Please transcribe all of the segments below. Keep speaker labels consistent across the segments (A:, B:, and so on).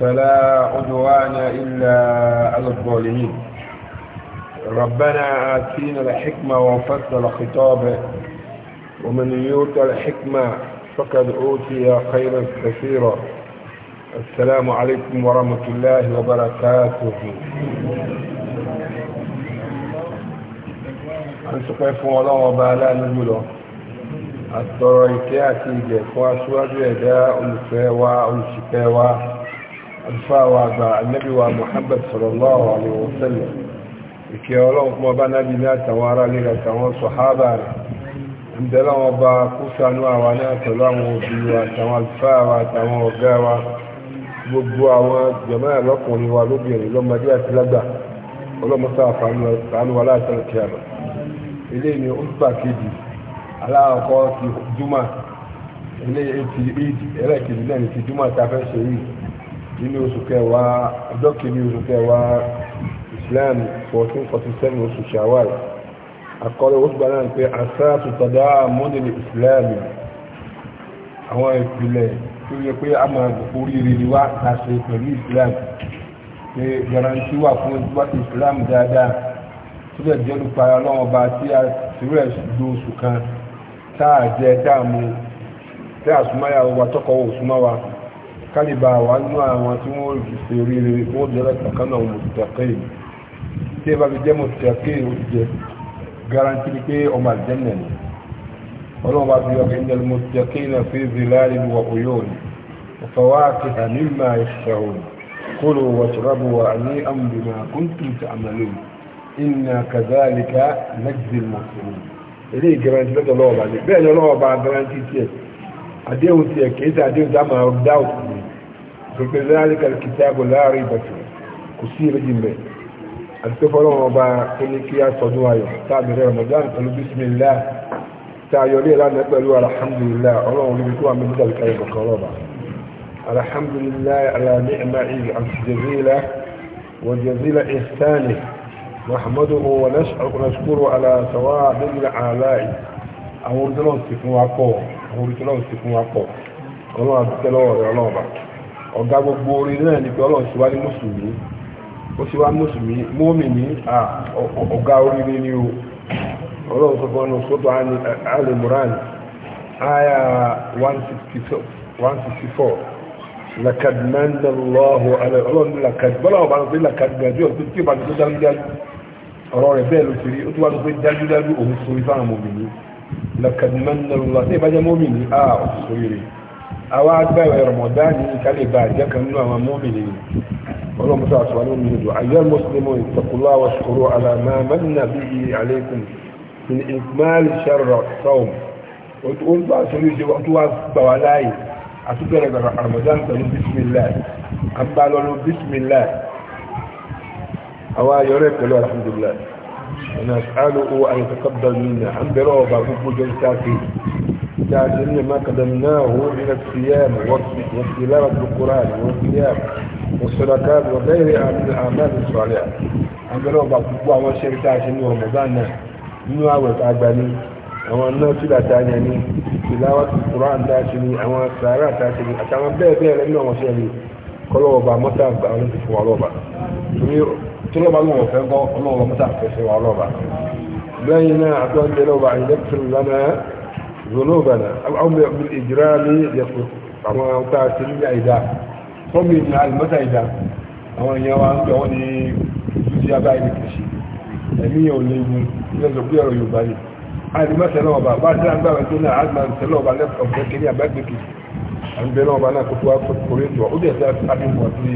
A: فلا عدوان إلا على الظالمين ربنا آتينا الحكمة وفصل الخطاب ومن يؤت الحكمة فقد أوتي خيرا كثيرا السلام عليكم ورحمة الله وبركاته أنتم كيف الله وبالا نجلو الضروريكات يجي فواسوا جدا ألفوا ألشكوا alfáwa àgbà anábíwa Muhammad sallallahu alaihi wasallam ìkẹ́ ọlọ́run kún ọba nábi ní àtàwọn ará lè àtàwọn sọ̀hábà rẹ̀ ìdẹ́lá wọn bá kú sánú àwa náà pẹ̀lú àwọn òbí wa àtàwọn alfáwa àtàwọn ọ̀gá wa gbogbo àwọn jọmọ́ ẹ̀lọ́kùnrin wa lóbìnrin lọ́mọdé àti lágbà ọlọ́mọsá àfààní wa láàtọ̀ kí a lọ ilé ni ó gbà kejì aláàkọ́ ti júmọ̀ ilé ètì nínú oṣù kẹwàá ọjọ́ kìíní oṣù kẹwàá islam fourteen forty seven oṣù shawal àkọlé oṣù gbà náà pé asáàtù tọ́dá mọ́nìlì islam àwọn ìpìlẹ̀ tó yẹ pé a máa gbòkó rírì ni wá láṣẹ pẹ̀lú islam pé garanti wà fún ìgbà islam dáadáa tó dẹ̀ jẹ́ nípa ọlọ́wọ́n bá tí a sílẹ̀ lu oṣù kan táà jẹ táà tí a súnmọ́ yà wọ́n wa tọkọ̀ wọ́n súnmọ́ wa kálíbà wà nú àwọn tí wọ́n rí ṣe oríire wọ́n jẹ́rẹ́ kankaná mùtàkì tí ẹ bá fi jẹ́ mùtàkì ó jẹ́ garanti ni pé ọmọ àjẹ́nà ni ọlọ́run bá fi ọkọ̀ ìjẹ́ mùtàkì náà fi zilali wa uyun وفواكه مما يشتهون كلوا واشربوا هنيئا بما كنتم تعملون إنا كذلك نجزي المحسنين eléyìí garanti lọ́dọ̀ lọ́wọ́ bá dé bẹ́ẹ̀ ni ọlọ́wọ́ bá garanti tiẹ̀ àdéhùn tiẹ̀ kìí ṣe àdéhùn ففي الكتاب لا ريب فيه كسير جنبه السفرون وبا كليكيا صدوايا تابع رمضان قالوا بسم الله تايولي لان نقبلوا الحمد لله الله اللي ولبتوا من ذلك الكريم القرابة الحمد لله على نعمه الجزيلة وجزيل إحسانه نحمده ونشكره على ثواب العلاء أمور دلوستي فنوا قوة أمور دلوستي فنوا قوة الله أبتلوه يا الله ọ̀gá gbogbo orin náà ni pé ọlọ́run ṣe wá ní mùsùlùmí ó ṣe wá mùsùlùmí mọ́mì ní ọ̀gá oríire ni o ọlọ́run sọ fún ọ sọ́tọ̀ alẹ́ moran aya one sixty four lakadmanallahu alẹ́ ọlọ́run lakad bọ́lá ọba ló pé lakad gbàdúrà pé tí o bá ti tó dájúdájú ọ̀rọ̀ rẹ̀ bẹ́ẹ̀ ló ti ó tún wá ló pé dájúdájú òun sọ ìfáwọn mọ́mì ní lakadmanallahu ṣé ìbájá mọ́mì ní a ọ̀ àwa agbára rọmọdá ní ìkálẹ̀bà àjẹ́kan nínú àwọn mọ́mìnì ọlọ́mọdé àtúwà ló mìíràn dùn àyẹ́ mùsùlùmí ìtàkùlọ́ àwọn ṣòro àlàmà mẹ́rinà bí i àlékún ní ìgbàlì ṣàrọ̀ sọ́ọ̀m ó ń bá aṣojú ṣe wọ́n tó wá gbà wá láàyè àtúbẹ̀rẹ̀ rọmọdá pẹ̀lú bísmìlá àbálọ́lù bísmìlá àwa ayọ̀rẹ́ pẹ̀lú alhamdulillah ونسأله أن يتقبل منا عن برغبة بوجود تاكيد التاسع ما قدمناه من الصيام وتلاوة القرآن والقيام والصدقات وغيرها من الأعمال الصالحة. أقول لك بعض الشيء التاسع من رمضان nínú àwẹ̀ tá a gbà ní àwọn nọ́ọ̀sìlà tá a yàn ní ìlàwà tó Qur'an tá a ṣe ní àwọn sàárà tá a ṣe ní àtàwọn bẹ́ẹ̀ bẹ́ẹ̀ rẹ̀ nínú àwọn ṣe ní kọ́lọ́ọ̀bà mọ́tà àgbà wọn ti fún wa lọ́ba torí tọ́lọ́ba ló wọ̀ fẹ́ gbọ́ ọlọ́wọ́ mọ́tà fẹ́ fẹ́ wa lọ́ba lẹ́yìn náà àtọ́jẹ́ lọ́ba àyẹ̀dẹ́kùtù lánàá ذنوبنا أو بالإجرام يقول أما تأتي إذا قم المتى إذا أما يوان يواني يجي أبا إليك شيء ẹ̀mí yẹn ò lè mú lẹ́sọ̀ pé ọ̀rọ̀ yorùbá ni àdìmọ́sẹ̀ náà ọba bá sí àgbà rẹ̀ tó náà àdìmọ́ sẹ́lẹ̀ ọba lẹ́sọ̀ ọ̀gbẹ́ kẹ́lẹ́ àbẹ́gbẹ́kì àgbẹ̀ náà ọba náà kó tó wá kórè jọ ó dẹ̀ sẹ́ àdìmọ́ sí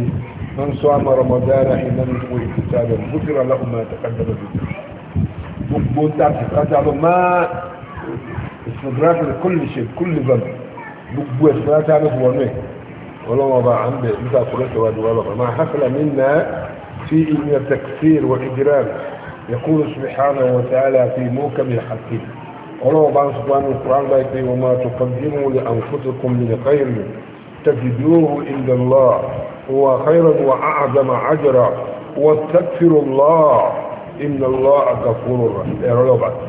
A: wọn sọ àmọ́ ọmọdára iná ní owó ìfúta rẹ̀ mú sí ọlọ́kùnrin àtàkàdàbẹ̀ gbogbo tá استدراك لكل شيء كل ذنب بوجه ما تعرف هو مين ولا ما بقى عند متى قلت واد ولا ما حصل منا في ان التكفير والادراك يقول سبحانه وتعالى في موكب الحكيم ولو بقى سبحانه القران بيت وما تقدموا لانفسكم من خير تجدوه عند الله هو خيرا واعظم اجرا واستغفر الله ان الله غفور رحيم يا رب العالمين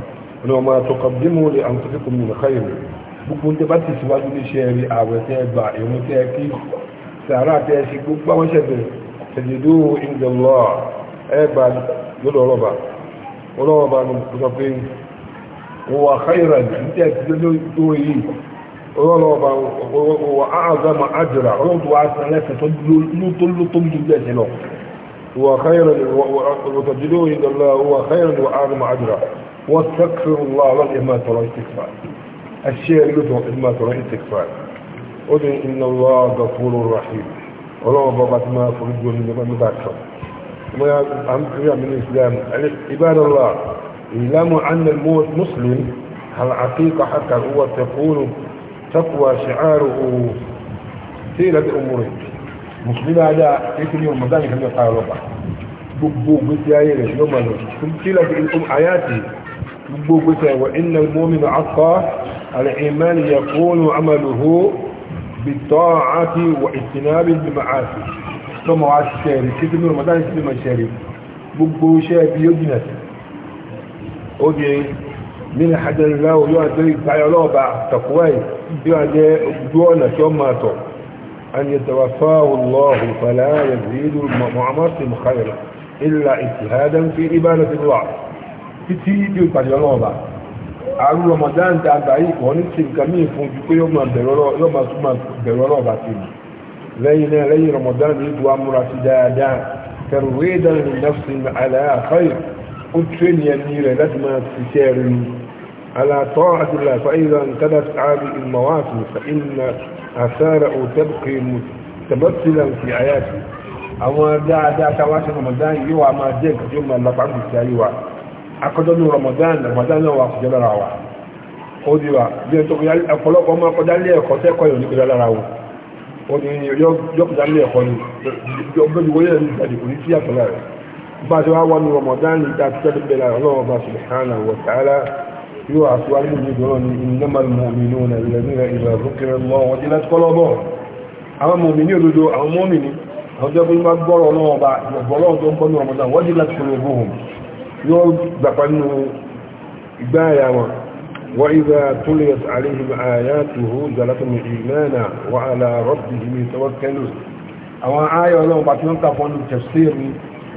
A: وما تقدموا لانفسكم من خير بكون تبتي سوا دي شيري ابو تيبا يمو تيكي سارا تيسي كوبا وشد تجدوه عند الله ايبا يلو لبا ولو با من كتابين هو خيرا انت تجدوه يتوي ولو با هو اعظم اجرا ولو تواسع لك تدلو تدلو تدلو هو خيرا وتجدوه عند الله هو خيرا واعظم اجرا واستغفر الله والإما ترى تكفر الشيء اللي إما ترى تكفر أذن إن الله غفور رحيم ولو بابت ما فرجوا من مباكر ما أمكر من الإسلام يعني عباد الله اعلموا أن الموت مسلم عقيقة حتى هو تكون تقوى شعاره سيرة أموره مسلم هذا يكون يوم مدانك كما قال ربع بوبو بيتي يوم مدان سيرة أم حياتي مبوبتا وإن المؤمن عصى الإيمان يكون عمله بالطاعة واجتناب المعاصي ثم عاش الشاري كيف تقول مدان اسم الشاري مبوشا بيجنة أوكي من حد الله يؤدي بعي الله تقوى يؤدي دون شماته أن يتوفاه الله فلا يزيد المعمر خيرا إلا اجتهادا في عبادة الله títí tí ó pàdé ọlọ́ọ̀bà àrùn Ramadan ta àgbà yìí wọ́n ní ṣe nǹkan míì fún ju pé yóò máa bẹ̀rù ọlọ́ọ̀bà sí i lẹ́yìn náà lẹ́yìn Ramadan ní ìdúwà múra sí dáadáa kẹrù rédà ní nafsi àlàyé àfáyè ó tún ní ẹni rẹ̀ láti máa ṣiṣẹ́ rẹ̀ ni alàtọ́ àti làfà ìlà nǹkanà àbí ìmọ̀wáàtì fa'inna àsára òtẹ́bùkì tẹ̀bẹ́tìlà fi àyàtì àwọn akọjọ́nù Ramadan Ramadan náà wà kọjọ́ lára wa ó di wa bí ẹ̀tọ́ ọ̀pọ̀lọpọ̀ ọmọ kọjá lé ẹ̀kọ́ tẹ́kọ̀ yóò ní kọjá lára wa ó di yọ kọjá lé ẹ̀kọ́ ni ọgbẹ́ni wọ́n yẹ̀ ní ìgbàdì kò ní sí àtọ́ lára bá a ti wá wà ní Ramadan ní ìta títẹ́ tó bẹ̀rẹ̀ ọlọ́wọ́ bá subhanahu wa ta'ala yóò àtúwá ní ìlú ìgbọ́n ní innamal mu'minuna alladhina idha dhukira Allah wajilat ní Ramadan wajilat yóò gbàpá nínú igbá àyà wọn wọ́n ìgbà tó lè àríhìm àyà tó hó jàlátùn ìmẹ́nà wà àlà rọ́bì ìmì tọwọ́kẹ́lù àwọn àyà ọlọ́run pàtí wọ́n kà fún tafsir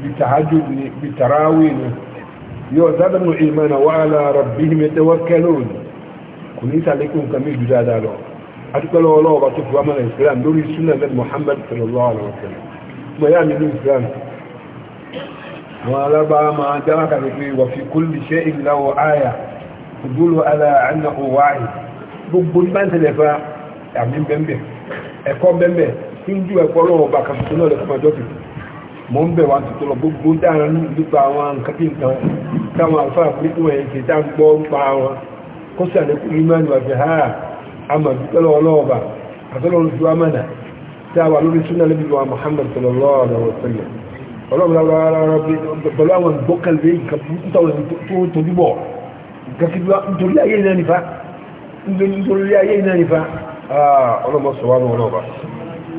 A: bí tàhájú bí tàráwì ni yóò jàlátùn ìmẹ́nà wà àlà rọ́bì ìmì tọwọ́kẹ́lù kò ní sàlékún kan jù dáadáa lọ àwọn ما máa dára وفي كل شيء له kúlù ṣe ìlàwọ̀ àyà واحد aláàánà òwáì gbogbo nígbà tẹ́lẹ̀ fa àmì bẹ́ẹ̀bẹ̀ ẹ̀kọ́ bẹ́ẹ̀bẹ̀ tí ń ju ẹ̀kọ́ lọ́wọ́ bá kàfùtù náà lẹ́kọ́ ọjọ́ kìí mọ́ ń bẹ̀ wá tuntun lọ gbogbo dáhùn nípa àwọn nǹkan bí nǹkan táwọn àfáà fún ìpín ẹ̀yìn ṣe tá ń gbọ́ ń pa wọn kó sì àlékún ìmánu àti ha àmà dúpẹ́ lọ́wọ́ lọ́wọ́ bá àtọ́lọ́run ju amánà tá lórí súnà lẹ́bí pẹ̀lú àwọn ìgbọ́kànlé ìkàtúntàwọn tó tójú bọ̀ nítorí ayé iná nífà nítorí ayé iná nífà ọlọ́mọ sọ̀wọ́n ọlọ́ọ̀bá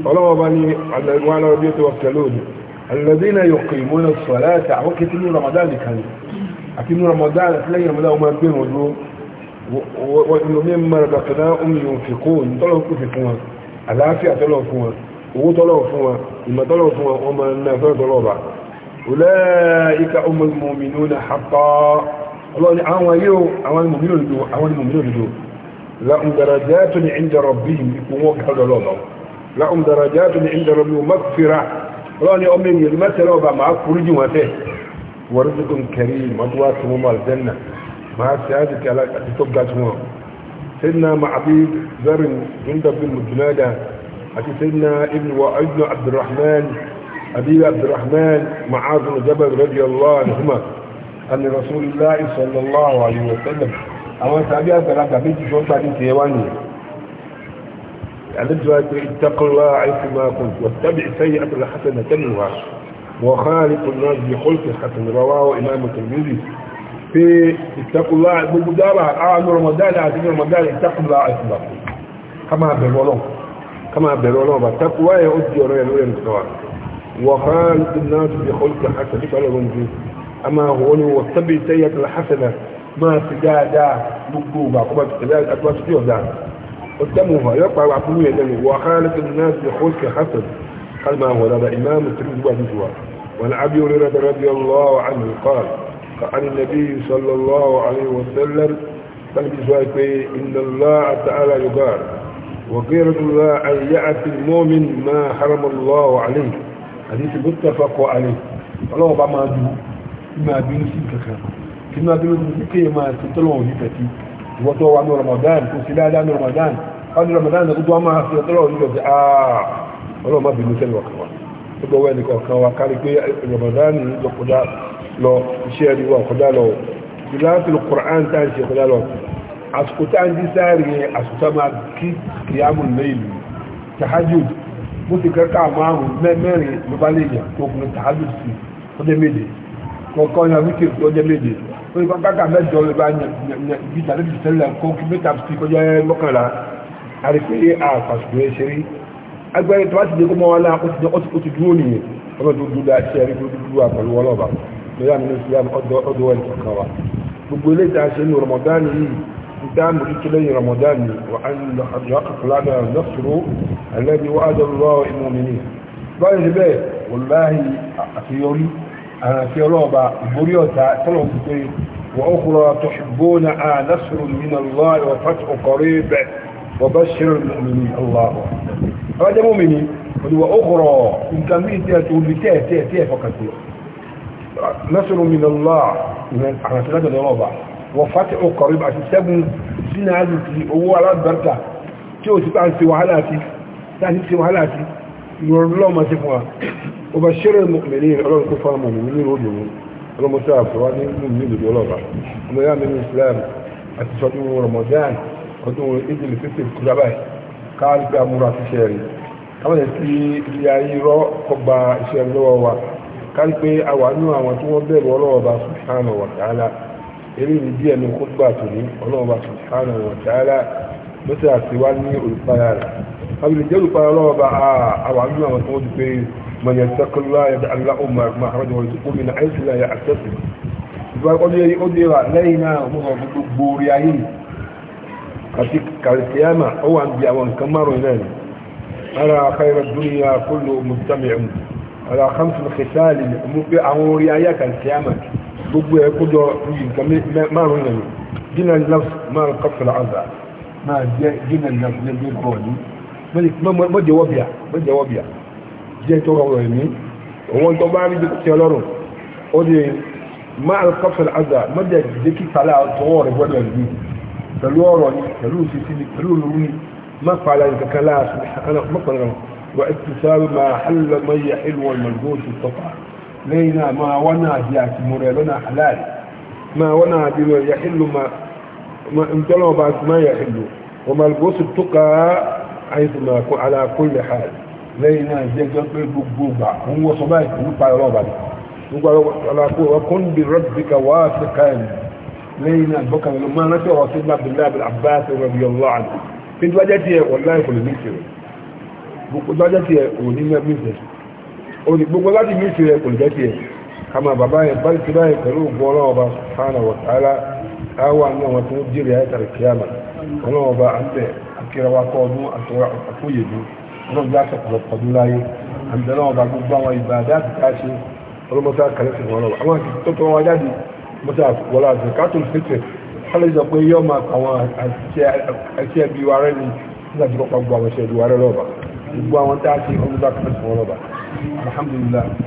A: ọlọ́ọ̀bá ni ah, àwọn alọ́bí tó wà pẹ̀lú òní alẹ́dínà yọkọ̀ ìmúnà sọ̀láta àwọn kẹtí ní Ramadan nìkan àti ní Ramadan àti lẹ́yìn Ramadan ọmọ ẹgbẹ́ owó tọ́lọ̀ fún wa ìmọ̀ tọ́lọ̀ fún wa wọ́n máa ná fẹ́ tọ́lọ̀ bá ulaika umul mu'minuna haqqan ọlọ́run ni àwọn yóò àwọn mòmínú òdodo àwọn mòmínú òdodo lahum darajatun 'inda rabbihim ipò wọn kà lọ́dọ̀ lọ́dọ̀ lahum darajatun 'inda rabbihim maghfira ọlọ́run ni ọmọ ènìyàn mẹ́tẹ̀lẹ́ ọba máa kúrú jù wọn tẹ̀ wa rizqun karim mọ́tòwá tó wọn máa aljanna máa ṣe á ti kí alákàtúntò ga tó wọn. sayyidina ma'abid zarin jundab bin mujnada حديث سيدنا ابن وابن عبد الرحمن ابي عبد الرحمن معاذ بن جبل رضي الله عنهما ان رسول الله صلى الله عليه وسلم اما تابعه ثلاثه بيت شوطا ديواني يعني دعوة اتق الله عيث ما كنت واتبع سيئة الحسنة تنوى وخالق الناس بخلق الحسن رواه إمام الترمذي في اتق الله عيث ما كنت آه رمضان آه رمضان اتق الله عيث ما كنت كما بالولوك كما بيروا لهم التقوى يؤدي ولا يلوي الكوار وخالق الناس بخلق حسن فعلا ونجي أما هو واتبع سيئة إيه الحسنة ما سجادة مقبوبة كما سجادة أكبر دا قدموها يقع عقلية ذلك وخالق الناس بخلق حسن قال ما هو هذا إمام الترمذي وحديثه وعن أبي رضي الله عنه قال عن النبي صلى الله عليه وسلم قال بسؤالك إن الله تعالى يقال وغير الله أن يعفي المؤمن ما حرم الله عليه حديث متفق عليه ọlọ́wọ́ bá máa dùn máa bínú sí kankan kí máa bínú sí kí máa ti tọ́lọ̀ òní tẹ̀tí ìwọ́n tó wà ní Ramadan kò sí dáadáa ní Ramadan wọ́n ní Ramadan náà gbogbo wọn máa fi tọ́lọ̀ òní tẹ̀tí aaa ọlọ́wọ́ má bínú sẹ́ni ọ̀kan wa gbogbo wọn ẹnì kọ̀ọ̀kan wa kárí pé Ramadan ní lọ kọjá lọ iṣẹ́ ẹni wa kọjá lọ ìlànà Qur'an tá à ń ṣe kọjá lọ àsìkò tá ń dísáàrí ẹ àsìkò máa kí kìyàmù lẹ́ìlú tahajjud bó ti kẹ́kà márùn mẹ́rin ló bá lè yàn kó kún tahajjud sí ọjọ́ méje kọ̀ọ̀kan ní àwíkè ọjọ́ méje ó ní kọ́kà mẹ́jọ ló bá yàn bí tàbí ti sẹ́lẹ̀ kó kí mẹ́ta sí kọjá mọ́kànlá àrífẹ́ àfàsùkò ẹ ṣeré agbẹ́rẹ́ tó bá ti dé kó mọ́ wọn láà ó gbogbo eléyìí tá ní Ramadan yìí الختام لكلي رمضان وأن يقف لنا النصر الذي وعد الله المؤمنين بايز بيه والله أخيري أنا في رابع بريوتا سلام كتير وأخرى تحبون نصر من الله وفتح قريب وبشر المؤمنين الله هذا مؤمنين وأخرى إن كان مئة تقول بتاه تاه تاه فقط نصر من الله أنا في رابع wọ̀fàtí ọkọ̀rọ̀ àti sẹ́gun sínú àdìsí owó alábẹ̀rẹ̀ta tí ó sì bá ń ṣe wàhálà sí láti ṣe wàhálà sí ìrọ̀lọ́mà sí fún wa o bá ṣẹ́rẹ̀ mẹ́rin ọlọ́run kó fáwọn mọ̀mí nínú olùrún ọlọ́mọsá àfọwá ní ìlú ọlọ́ba ọmọ yá mẹ́rin Islam àti sọdún Ramadan ọdún ìdílé fífẹ́ kúrábà káàlù pé amúra ti ṣe rí káwọn yẹn sí ilé eré ní díẹ̀ ní kúgbà tó ní ọlọ́ọ̀bà subhanahu wa ta'ala lọ́sẹ̀ àti wá ní olùpayà rẹ̀ abìlẹ̀ jẹ́ olùpayà ọlọ́ọ̀bà àwọn àmì àwọn tó ń pè man yattaqillah yaj'al lahu makhrajan wa yarzuqhu min haythu la yahtasib ìgbà ọdún yẹn ó dé wa lẹ́yìn náà mo sọ gbogbo gbòòrè ayé àti kàlùkìyàmà ó wà ń bi àwọn nǹkan márùn náà ni ara khayra gbogbo ẹ kó jọ nǹkan márùn yẹn ni jìnnà nafs márùn kọfìlà ọ̀dà máa jẹ jìnnà nafs ní bí bọ́ọ̀lù mọ́jẹ̀wọ́ bíà mọ́jẹ̀wọ́ bíà jẹ́ tó rọrọ̀ ẹ̀mí òun tó bá rí bí ti ọlọ́run ó di márùn kọfìlà ọ̀dà mọ́jẹ̀ jẹ́ kí kàlà tọwọ́ rẹ̀ gbọ́dọ̀ rí pẹ̀lú ọ̀rọ̀ ni pẹ̀lú òṣìṣẹ́ ni pẹ̀lú olùrú ni má pààlà nǹkan kan láàṣù mọ́kànlá wa ìtìsáàbì máa hàlùmọ́ yẹ ìlú wọn mọ̀lúgbó òṣìṣẹ́ lẹ́yìn náà máa wọ́nà àti àtìmọ̀ rẹ̀ lọ́nà halal máa wọ́nà àti lọ yàhìlù ntọ́lọ́wọ́ bá ti máa yàhìlù wọ́n máa gbóṣù tó ká àìsàn aláàkó ilẹ̀ ha lẹ́yìn náà jẹ́jọ́ pé gbogbo gbà ń wọ́ sọ báyìí pẹ̀lú pa ọlọ́ọ̀bà ni gbogbo aláàkó ọkùn bí rọ́bì ká wá sí káyìn lẹ́yìn náà bọ́kàn lọ máa rántí ọ̀rọ̀ sí abdullahi abbas rabi allah àti pé tí wájá tiẹ̀ wọ́n láì kò lè ní ìṣẹ̀rẹ̀ gbogbo wájá tiẹ̀ òní mẹ́rin ìṣẹ̀rẹ̀ òní gbogbo láti mí ìṣe ẹkùn jẹ́ kama bàbá yẹn bá ti báyìí pẹ̀lú ògbó ọlọ́wọ́ bá sùpánà wọ̀tálá káwà náà wọn tó jèrè ayẹ́tàrí kíámà ọlọ́wọ́ bá akírawa kọ́ ọdún àfóyèdú ọlọ́wọ́ bá sọ̀kọ̀lọ̀ pọ̀dún láyé kàlẹ́sì ọlọ́wọ́ lọ́ba الحمد لله